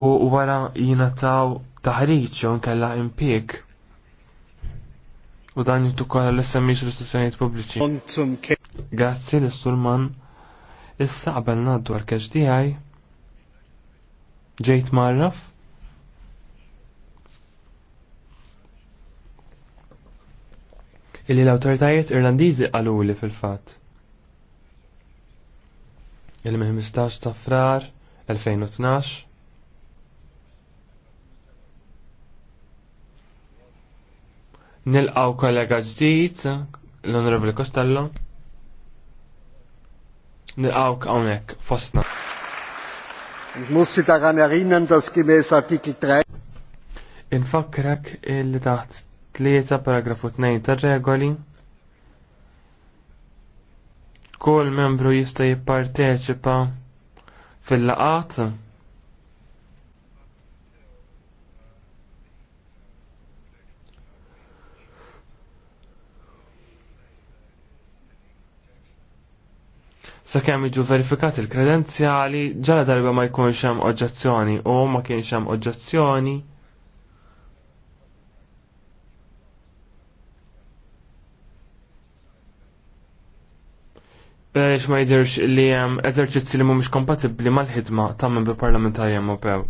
u wara taw taħriġ jew nkella impik. U dan jittu kolla l miex l-istituzzjonijiet pubbliċi. Grazzi l-Sulman, issa qabel naddu għal tiegħi. Ġejt marraf? illi l-autoritajiet irlandiżi qaluli fil-fatt. Il-15 tafrar 2012 Nilqaw kollega ġdijt, l-Onorevoli Kostello. Nilqaw hawnhekk fostna. Ich muss għan daran erinnern, skimes artikli 3 Infakkrek il li taħt 3 paragrafu 2 ta' regoli kull membru jista' jipparteċipa fil-laqat sakemm jiġu verifikat il-kredenzjali ġala darba ma jkunx hemm oġġezzjoni u ma kienx hemm oġġezzjoni. Biex ma jidirx li hemm eżerċizzi li mhumiex kompatibbli mal-ħidma ta' bi parlamentari Ewropew.